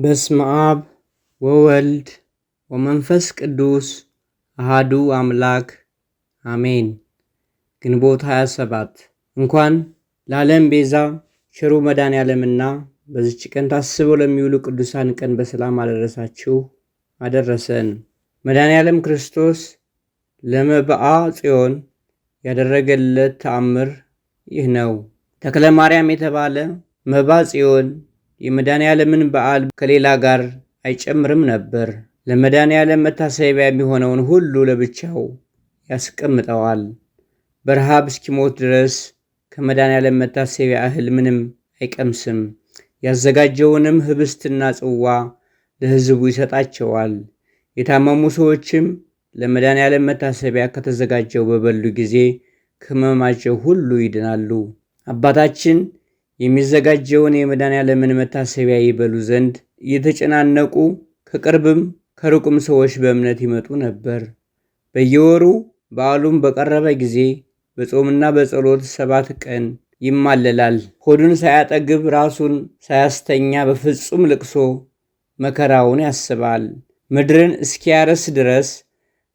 በስመ አብ ወወልድ ወመንፈስ ቅዱስ አሃዱ አምላክ አሜን። ግንቦት 27 እንኳን ለዓለም ቤዛ መዳን ያለምና በዚች ቀን ታስበው ለሚውሉ ቅዱሳን ቀን በሰላም አደረሳችሁ አደረሰን። ያለም ክርስቶስ ለመብአ ጽዮን ያደረገለት ተአምር ይህ ነው። ተክለ ማርያም የተባለ መብአ ጽዮን የመድኃኔዓለምን በዓል ከሌላ ጋር አይጨምርም ነበር። ለመድኃኔዓለም መታሰቢያ የሚሆነውን ሁሉ ለብቻው ያስቀምጠዋል። በረሃብ እስኪሞት ድረስ ከመድኃኔዓለም መታሰቢያ እህል ምንም አይቀምስም። ያዘጋጀውንም ህብስትና ጽዋ ለሕዝቡ ይሰጣቸዋል። የታመሙ ሰዎችም ለመድኃኔዓለም መታሰቢያ ከተዘጋጀው በበሉ ጊዜ ከሕመማቸው ሁሉ ይድናሉ። አባታችን የሚዘጋጀውን የመድኃኔዓለምን መታሰቢያ ይበሉ ዘንድ እየተጨናነቁ ከቅርብም ከሩቅም ሰዎች በእምነት ይመጡ ነበር። በየወሩ በዓሉም በቀረበ ጊዜ በጾምና በጸሎት ሰባት ቀን ይማለላል። ሆዱን ሳያጠግብ ራሱን ሳያስተኛ በፍጹም ልቅሶ መከራውን ያስባል። ምድርን እስኪያረስ ድረስ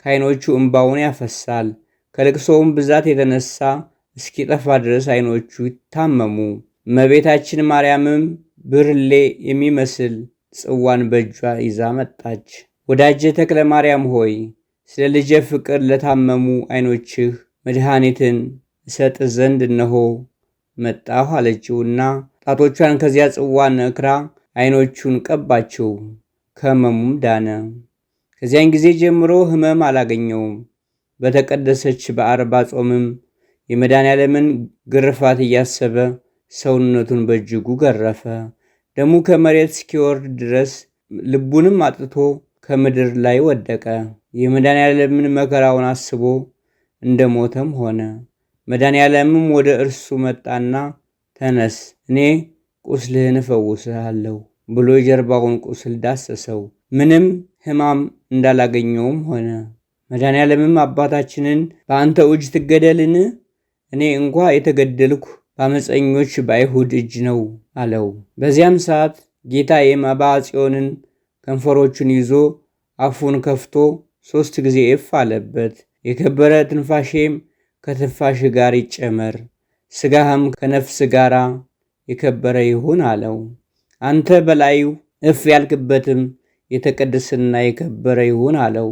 ከዓይኖቹ እምባውን ያፈሳል። ከልቅሶውም ብዛት የተነሳ እስኪጠፋ ድረስ ዓይኖቹ ይታመሙ። እመቤታችን ማርያምም ብርሌ የሚመስል ጽዋን በእጇ ይዛ መጣች። ወዳጄ ተክለ ማርያም ሆይ ስለ ልጄ ፍቅር ለታመሙ አይኖችህ መድኃኒትን እሰጥ ዘንድ እነሆ መጣሁ አለችውና ጣቶቿን ከዚያ ጽዋ ነክራ አይኖቹን ቀባችው። ከሕመሙም ዳነ። ከዚያን ጊዜ ጀምሮ ሕመም አላገኘውም። በተቀደሰች በአርባ ጾምም የመድኃኔ ዓለምን ግርፋት እያሰበ ሰውነቱን በእጅጉ ገረፈ። ደሙ ከመሬት እስኪወርድ ድረስ ልቡንም አጥቶ ከምድር ላይ ወደቀ። የመድኃኔዓለምን መከራውን አስቦ እንደ ሞተም ሆነ። መድኃኔዓለምም ወደ እርሱ መጣና ተነስ፣ እኔ ቁስልህን እፈውስሃለሁ ብሎ የጀርባውን ቁስል ዳሰሰው። ምንም ሕማም እንዳላገኘውም ሆነ። መድኃኔዓለምም አባታችንን በአንተ እጅ ትገደልን? እኔ እንኳ የተገደልኩ በአመፀኞች በአይሁድ እጅ ነው አለው። በዚያም ሰዓት ጌታ የመባ ጽዮንን ከንፈሮቹን ይዞ አፉን ከፍቶ ሦስት ጊዜ እፍ አለበት። የከበረ ትንፋሼም ከትንፋሽ ጋር ይጨመር፣ ሥጋህም ከነፍስ ጋር የከበረ ይሁን አለው። አንተ በላዩ እፍ ያልክበትም የተቀደሰና የከበረ ይሁን አለው።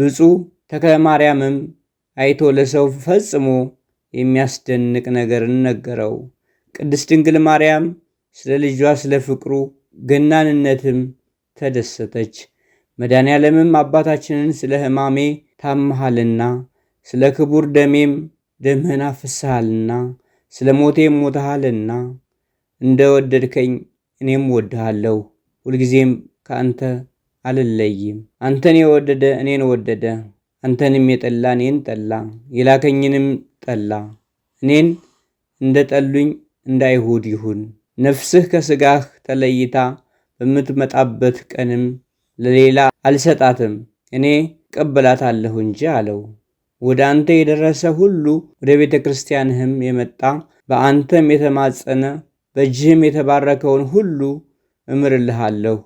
ብፁዕ ተክለ ማርያምም አይቶ ለሰው ፈጽሞ የሚያስደንቅ ነገርን ነገረው። ቅድስት ድንግል ማርያም ስለ ልጇ ስለ ፍቅሩ ገናንነትም ተደሰተች። መድኃኔ ዓለምም አባታችንን ስለ ሕማሜ ታመሃልና፣ ስለ ክቡር ደሜም ደምህን አፍስሃልና፣ ስለ ሞቴም ሞተሃልና እንደ ወደድከኝ እኔም ወድሃለሁ፣ ሁልጊዜም ከአንተ አልለይም። አንተን የወደደ እኔን ወደደ አንተንም የጠላ እኔን ጠላ፣ የላከኝንም ጠላ። እኔን እንደ ጠሉኝ እንደ አይሁድ ይሁን። ነፍስህ ከሥጋህ ተለይታ በምትመጣበት ቀንም ለሌላ አልሰጣትም፣ እኔ እቀበላታለሁ እንጂ አለው። ወደ አንተ የደረሰ ሁሉ ወደ ቤተ ክርስቲያንህም የመጣ በአንተም የተማጸነ በእጅህም የተባረከውን ሁሉ እምርልሃለሁ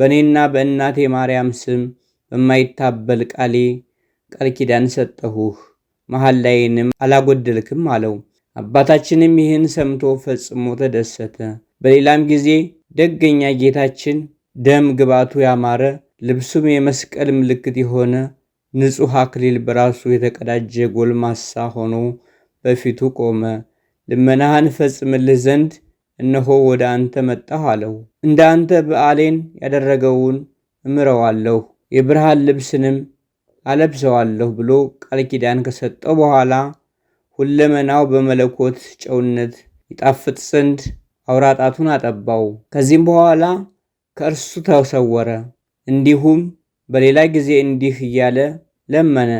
በእኔና በእናቴ ማርያም ስም በማይታበል ቃሌ ቃል ኪዳን ሰጠሁህ፣ ላይንም አላጎደልክም አለው። አባታችንም ይህን ሰምቶ ፈጽሞ ተደሰተ። በሌላም ጊዜ ደገኛ ጌታችን ደም ግባቱ ያማረ ልብሱም የመስቀል ምልክት የሆነ ንጹሕ አክሊል በራሱ የተቀዳጀ ጎልማሳ ሆኖ በፊቱ ቆመ። ልመናህን ፈጽምልህ ዘንድ እነሆ ወደ አንተ መጣሁ አለው። እንደ አንተ በዓሌን ያደረገውን እምረዋለሁ የብርሃን ልብስንም አለብሰዋለሁ ብሎ ቃል ኪዳን ከሰጠው በኋላ ሁለመናው በመለኮት ጨውነት ይጣፍጥ ዘንድ አውራጣቱን አጠባው። ከዚህም በኋላ ከእርሱ ተሰወረ። እንዲሁም በሌላ ጊዜ እንዲህ እያለ ለመነ።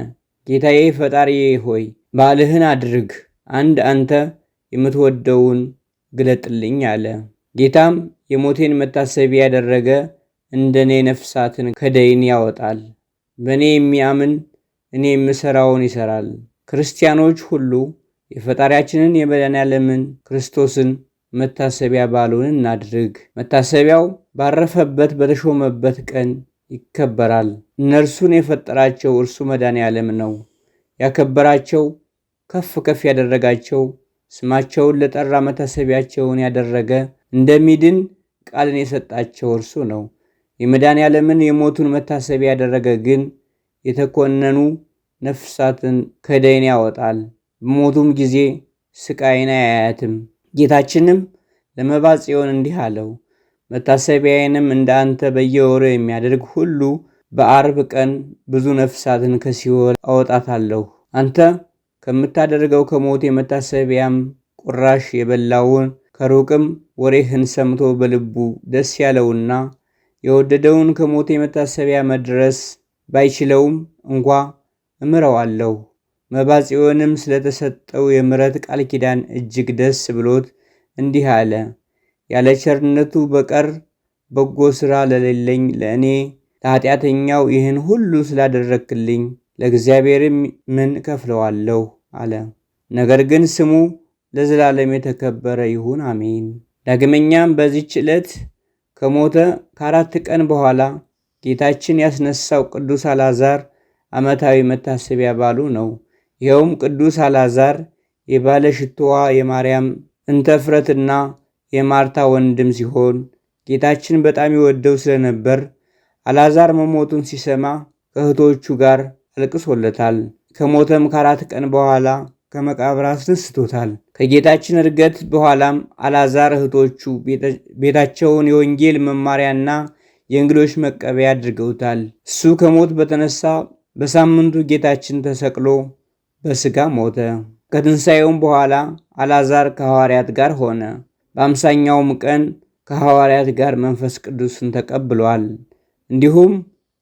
ጌታዬ ፈጣሪዬ ሆይ ባልህን አድርግ፣ አንድ አንተ የምትወደውን ግለጥልኝ አለ። ጌታም የሞቴን መታሰቢያ ያደረገ እንደኔ ነፍሳትን ከደይን ያወጣል በእኔ የሚያምን እኔ የምሠራውን ይሠራል። ክርስቲያኖች ሁሉ የፈጣሪያችንን የመድኃኔዓለምን ክርስቶስን መታሰቢያ በዓሉን እናድርግ። መታሰቢያው ባረፈበት በተሾመበት ቀን ይከበራል። እነርሱን የፈጠራቸው እርሱ መድኃኔዓለም ነው። ያከበራቸው ከፍ ከፍ ያደረጋቸው ስማቸውን ለጠራ መታሰቢያቸውን ያደረገ እንደሚድን ቃልን የሰጣቸው እርሱ ነው። ያለምን የሞቱን መታሰቢያ ያደረገ ግን የተኮነኑ ነፍሳትን ከደይን ያወጣል። በሞቱም ጊዜ ስቃይን አያያትም። ጌታችንም ለመባ ጽዮን እንዲህ አለው፣ መታሰቢያዬንም እንደ አንተ በየወሩ የሚያደርግ ሁሉ በአርብ ቀን ብዙ ነፍሳትን ከሲኦል አወጣታለሁ። አንተ ከምታደርገው ከሞት የመታሰቢያም ቁራሽ የበላውን ከሩቅም ወሬህን ሰምቶ በልቡ ደስ ያለውና የወደደውን ከሞቴ መታሰቢያ መድረስ ባይችለውም እንኳ እምረዋለሁ። መባ ጽዮንም ስለተሰጠው የምረት ቃል ኪዳን እጅግ ደስ ብሎት እንዲህ አለ። ያለ ቸርነቱ በቀር በጎ ሥራ ለሌለኝ ለእኔ ለኃጢአተኛው ይህን ሁሉ ስላደረክልኝ ለእግዚአብሔርም ምን ከፍለዋለሁ አለ። ነገር ግን ስሙ ለዘላለም የተከበረ ይሁን፣ አሜን። ዳግመኛም በዚች ዕለት ከሞተ ከአራት ቀን በኋላ ጌታችን ያስነሳው ቅዱስ አልዓዛር ዓመታዊ መታሰቢያ በዓሉ ነው። ይኸውም ቅዱስ አልዓዛር የባለ ሽቶዋ የማርያም እንተፍረትና የማርታ ወንድም ሲሆን ጌታችን በጣም ይወደው ስለነበር አልዓዛር መሞቱን ሲሰማ ከእህቶቹ ጋር አልቅሶለታል። ከሞተም ከአራት ቀን በኋላ ከመቃብር አስነስቶታል። ከጌታችን እርገት በኋላም አላዛር እህቶቹ ቤታቸውን የወንጌል መማሪያና የእንግዶች መቀበያ አድርገውታል። እሱ ከሞት በተነሳ በሳምንቱ ጌታችን ተሰቅሎ በሥጋ ሞተ። ከትንሣኤውም በኋላ አላዛር ከሐዋርያት ጋር ሆነ። በአምሳኛውም ቀን ከሐዋርያት ጋር መንፈስ ቅዱስን ተቀብሏል። እንዲሁም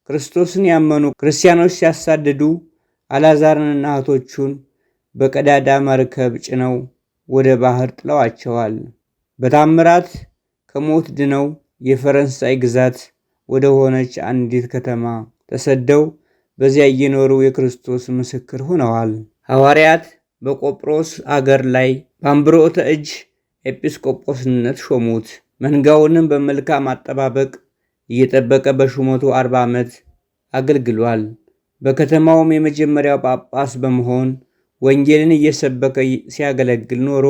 ክርስቶስን ያመኑ ክርስቲያኖች ሲያሳድዱ አላዛርንና እህቶቹን በቀዳዳ መርከብ ጭነው ወደ ባህር ጥለዋቸዋል። በታምራት ከሞት ድነው የፈረንሳይ ግዛት ወደ ሆነች አንዲት ከተማ ተሰደው በዚያ እየኖሩ የክርስቶስ ምስክር ሆነዋል። ሐዋርያት በቆጵሮስ አገር ላይ በአምብሮተ እጅ ኤጲስቆጶስነት ሾሙት። መንጋውንም በመልካም አጠባበቅ እየጠበቀ በሹመቱ አርባ ዓመት አገልግሏል። በከተማውም የመጀመሪያው ጳጳስ በመሆን ወንጌልን እየሰበከ ሲያገለግል ኖሮ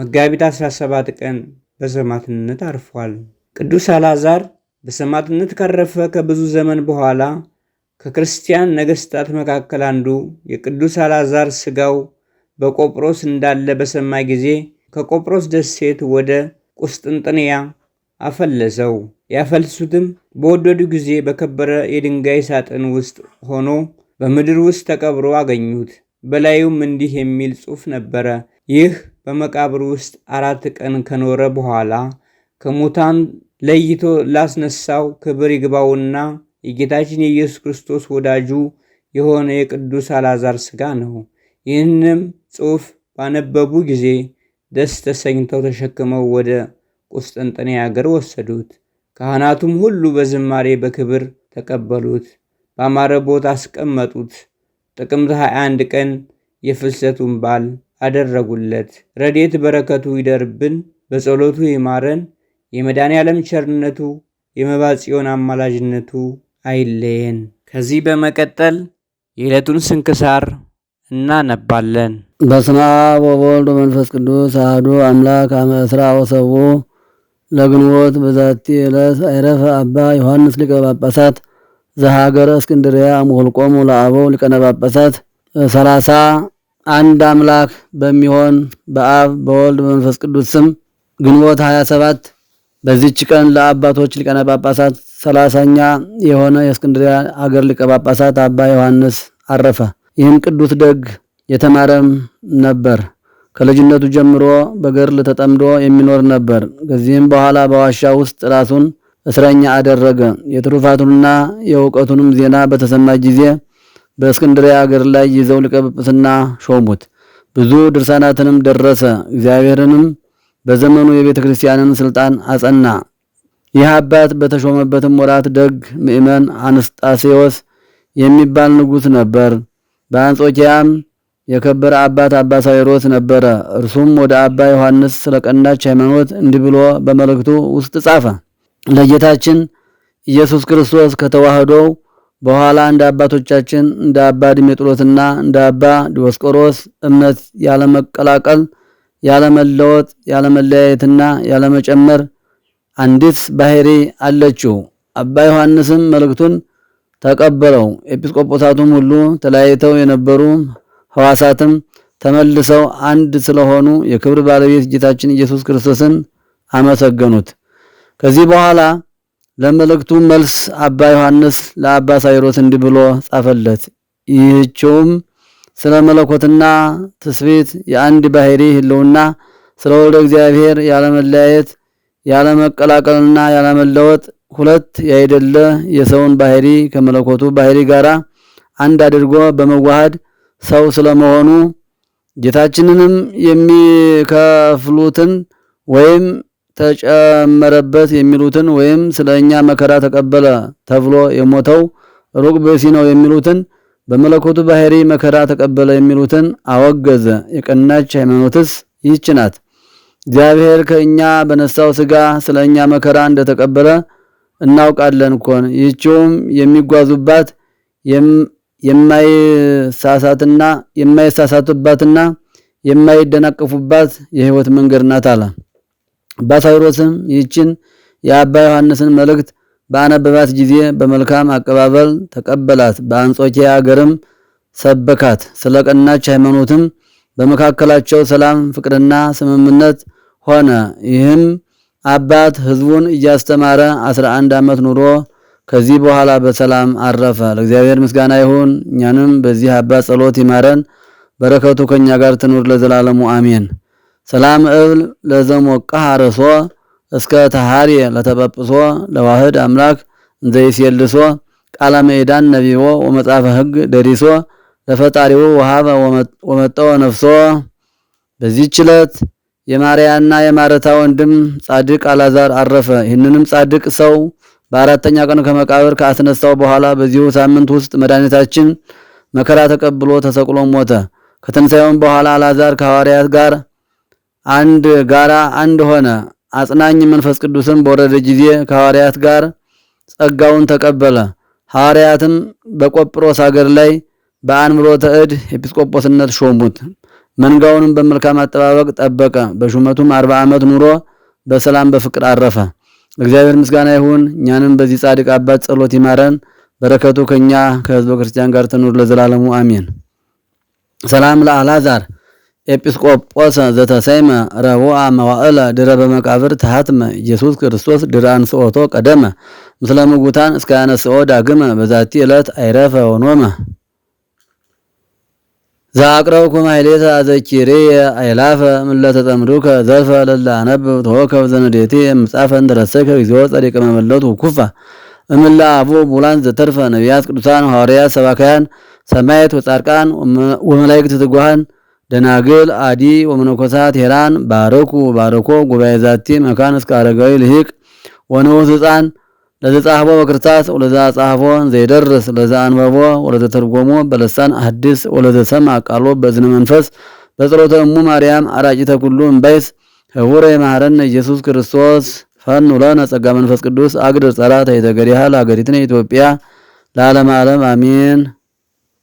መጋቢት 17 ቀን በሰማዕትነት አርፏል። ቅዱስ አልዓዛር በሰማዕትነት ካረፈ ከብዙ ዘመን በኋላ ከክርስቲያን ነገሥታት መካከል አንዱ የቅዱስ አልዓዛር ሥጋው በቆጵሮስ እንዳለ በሰማ ጊዜ ከቆጵሮስ ደሴት ወደ ቁስጥንጥንያ አፈለሰው። ያፈልሱትም በወደዱ ጊዜ በከበረ የድንጋይ ሳጥን ውስጥ ሆኖ በምድር ውስጥ ተቀብሮ አገኙት። በላዩም እንዲህ የሚል ጽሑፍ ነበረ። ይህ በመቃብር ውስጥ አራት ቀን ከኖረ በኋላ ከሙታን ለይቶ ላስነሳው ክብር ይግባውና የጌታችን የኢየሱስ ክርስቶስ ወዳጁ የሆነ የቅዱስ አልዓዛር ሥጋ ነው። ይህንም ጽሑፍ ባነበቡ ጊዜ ደስ ተሰኝተው ተሸክመው ወደ ቁስጥንጥንያ አገር ወሰዱት። ካህናቱም ሁሉ በዝማሬ በክብር ተቀበሉት፣ በአማረ ቦታ አስቀመጡት። ጥቅምት 21 ቀን የፍልሰቱን በዓል አደረጉለት። ረዴት በረከቱ ይደርብን፣ በጸሎቱ ይማረን። የመድኃኔዓለም ቸርነቱ የመባጽዮን አማላጅነቱ አይለየን። ከዚህ በመቀጠል የዕለቱን ስንክሳር እናነባለን። በስመ አብ ወወልድ ወመንፈስ ቅዱስ አሐዱ አምላክ አመ ዕስራ ወሰብዑ ለግንቦት በዛቲ ዕለት አይረፈ አባ ዮሐንስ ሊቀ ጳጳሳት ዘሃገረ እስክንድርያ ሙልቆሙ ለአበው ሊቀነ ጳጳሳት ሰላሳ አንድ አምላክ በሚሆን በአብ በወልድ በመንፈስ ቅዱስ ስም ግንቦት 27 በዚች ቀን ለአባቶች ሊቀነ ጳጳሳት ሰላሳኛ የሆነ የእስክንድርያ ሀገር ሊቀ ጳጳሳት አባ ዮሐንስ አረፈ። ይህም ቅዱስ ደግ የተማረም ነበር። ከልጅነቱ ጀምሮ በገድል ተጠምዶ የሚኖር ነበር። ከዚህም በኋላ በዋሻ ውስጥ ራሱን እስረኛ አደረገ። የትሩፋቱንና የእውቀቱንም ዜና በተሰማ ጊዜ በእስክንድሪያ አገር ላይ ይዘው ሊቀ ጵጵስና ሾሙት። ብዙ ድርሳናትንም ደረሰ። እግዚአብሔርንም በዘመኑ የቤተ ክርስቲያንን ስልጣን አጸና። ይህ አባት በተሾመበትም ወራት ደግ ምእመን አንስጣሴዎስ የሚባል ንጉሥ ነበር። በአንጾኪያም የከበረ አባት አባ ሳዊሮስ ነበረ። እርሱም ወደ አባ ዮሐንስ ስለ ቀናች ሃይማኖት እንዲህ ብሎ በመልእክቱ ውስጥ ጻፈ። ለጌታችን ኢየሱስ ክርስቶስ ከተዋህዶው በኋላ እንደ አባቶቻችን እንደ አባ ዲሜጥሮስና እንደ አባ ዲዮስቆሮስ እምነት ያለመቀላቀል፣ ያለመለወጥ፣ ያለመለያየትና ያለመጨመር አንዲት ባህሪ አለችው። አባ ዮሐንስም መልእክቱን ተቀበለው። ኤጲስቆጶሳቱም ሁሉ ተለያይተው የነበሩ ሐዋሳትም ተመልሰው አንድ ስለሆኑ የክብር ባለቤት ጌታችን ኢየሱስ ክርስቶስን አመሰገኑት። ከዚህ በኋላ ለመልእክቱ መልስ አባ ዮሐንስ ለአባ ሳይሮስ እንዲህ ብሎ ጻፈለት። ይህችውም ስለ መለኮትና ትስቤት የአንድ ባህሪ ህልውና ስለ ወልደ እግዚአብሔር ያለመለያየት ያለመቀላቀልና ያለመለወጥ ሁለት ያይደለ የሰውን ባህሪ ከመለኮቱ ባህሪ ጋራ አንድ አድርጎ በመዋሃድ ሰው ስለመሆኑ ጌታችንንም የሚከፍሉትን ወይም ተጨመረበት የሚሉትን ወይም ስለኛ መከራ ተቀበለ ተብሎ የሞተው ሩቅ ብእሲ ነው የሚሉትን በመለኮቱ ባህሪ መከራ ተቀበለ የሚሉትን አወገዘ። የቀናች ሃይማኖትስ ይህች ናት። እግዚአብሔር ከእኛ በነሳው ስጋ ስለኛ መከራ እንደተቀበለ እናውቃለን እኮን። ይህችውም የሚጓዙባት የማይሳሳትና የማይሳሳቱባትና የማይደናቀፉባት የህይወት መንገድ ናት አለ። አባፋይሮስም ይህችን የአባ ዮሐንስን መልእክት በአነበባት ጊዜ በመልካም አቀባበል ተቀበላት። በአንጾኪያ አገርም ሰበካት። ስለ ቀናች ሃይማኖትም በመካከላቸው ሰላም፣ ፍቅርና ስምምነት ሆነ። ይህም አባት ህዝቡን እያስተማረ 11 ዓመት ኑሮ ከዚህ በኋላ በሰላም አረፈ። ለእግዚአብሔር ምስጋና ይሁን። እኛንም በዚህ አባት ጸሎት ይማረን። በረከቱ ከኛ ጋር ትኑር ለዘላለሙ አሜን። ሰላም እብል ለዘሞቃህ አርሶ እስከ ተሃሪ ለተበጵሶ ለዋህድ አምላክ እንዘይሴልሶ ቃለ ምዕዳን ነቢቦ ወመጽሐፈ ሕግ ደሪሶ ለፈጣሪው ወሃበ ወመጠወ ነፍሶ። በዚህች ዕለት የማርያና የማረታ ወንድም ጻድቅ አላዛር አረፈ። ይህንንም ጻድቅ ሰው በአራተኛ ቀን ከመቃብር ከአስነሳው በኋላ በዚሁ ሳምንት ውስጥ መድኃኒታችን መከራ ተቀብሎ ተሰቅሎ ሞተ። ከትንሣኤውም በኋላ አላዛር ከሐዋርያት ጋር አንድ ጋራ አንድ ሆነ። አጽናኝ መንፈስ ቅዱስም በወረደ ጊዜ ከሐዋርያት ጋር ጸጋውን ተቀበለ። ሐዋርያትም በቆጵሮስ አገር ላይ በአንብሮተ እድ ኤጲስቆጶስነት ሾሙት። መንጋውንም በመልካም አጠባበቅ ጠበቀ። በሹመቱም አርባ ዓመት ኑሮ በሰላም በፍቅር አረፈ። እግዚአብሔር ምስጋና ይሁን። እኛንም በዚህ ጻድቅ አባት ጸሎት ይማረን። በረከቱ ከኛ ከሕዝበ ክርስቲያን ጋር ትኑር ለዘላለሙ አሜን። ሰላም ለአልዓዛር ኤጲስቆጶስ ዘተሰይመ ረቡአ መዋእለ ድረ በመቃብር ተሃትመ ኢየሱስ ክርስቶስ ድረ አንስኦቶ ቀደመ ምስለ ምጉታን እስከ ያነስኦ ዳግመ በዛቲ ዕለት አይረፈ ወኖመ ዘአቅረብኩ ኩማይሌተ አዘኪርየ አይላፈ እምእለ ተጠምዱከ ዘልፈ ለላ ነብ ተወከብ ዘንዴቴ ምጻፈ እንተረሰይከ እግዚኦ ጸዲቀ መመለቱ ኩፋ እምላ አቡ ቡላን ዘተርፈ ነቢያት ቅዱሳን ሐዋርያት ሰባካያን ሰማየት ወጻድቃን ወመላእክት ትጓሃን ደናግል አዲ ወመነኮሳት ሄራን ባረኩ ባረኮ ጉባኤ ዛቲ መካን እስከ አረጋዊ ልሂቅ ወንዑስ ህፃን ለዘጻሕቦ በክርታስ ወለዛ ጻሕፎን ዘይደርስ ለዛ አንበቦ ወለዘ ተርጎሞ በለሳን አዲስ ወለዘ ሰማ ቃሎ በዝነ መንፈስ በጸሎተ እሙ ማርያም አራቂተ ተኩሉ እምባይስ ህቡረ የማህረነ ኢየሱስ ክርስቶስ ፈኑ ለነ ጸጋ መንፈስ ቅዱስ አግድር ጸራተ የተገሪሃ ሀገሪትነ ኢትዮጵያ ለዓለም ዓለም አሜን።